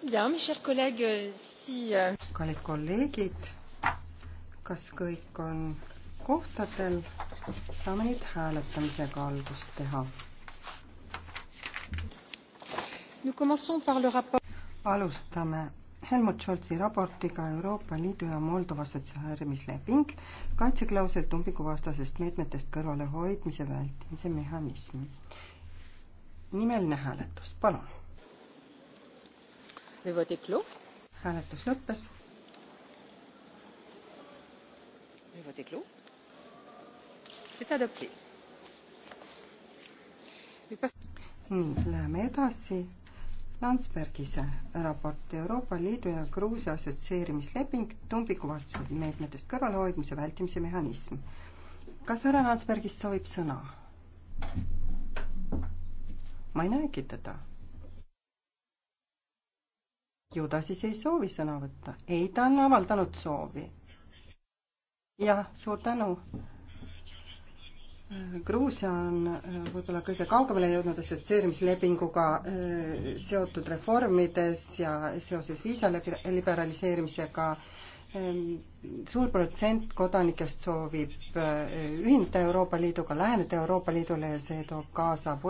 Euh, kallid kolleegid, kas kõik on kohtadel? saame nüüd hääletamisega algust teha. alustame Helmut Scholzi raportiga Euroopa Liidu ja Moldova sotsiaalmisleping, kaitseklausel tumbikuvastasest meetmetest kõrvalehoidmise vältimise mehhanism. nimeline hääletus, palun hääletus lõppes. nii, läheme edasi. Landsbergise raport Euroopa Liidu ja Gruusia assotsieerimisleping tumbikuvastuse meetmetest kõrvalehoidmise vältimise mehhanism. kas härra Landsbergist soovib sõna? ma ei näegi teda ju ta siis ei soovi sõna võtta. ei, ta on avaldanud soovi. jah, suur tänu. Gruusia on äh, võib-olla kõige kaugemale jõudnud assotsieerimislepinguga äh, seotud reformides ja seoses viisa liberaliseerimisega ähm, suur protsent kodanikest soovib äh, ühineda Euroopa Liiduga, läheneda Euroopa Liidule ja see toob kaasa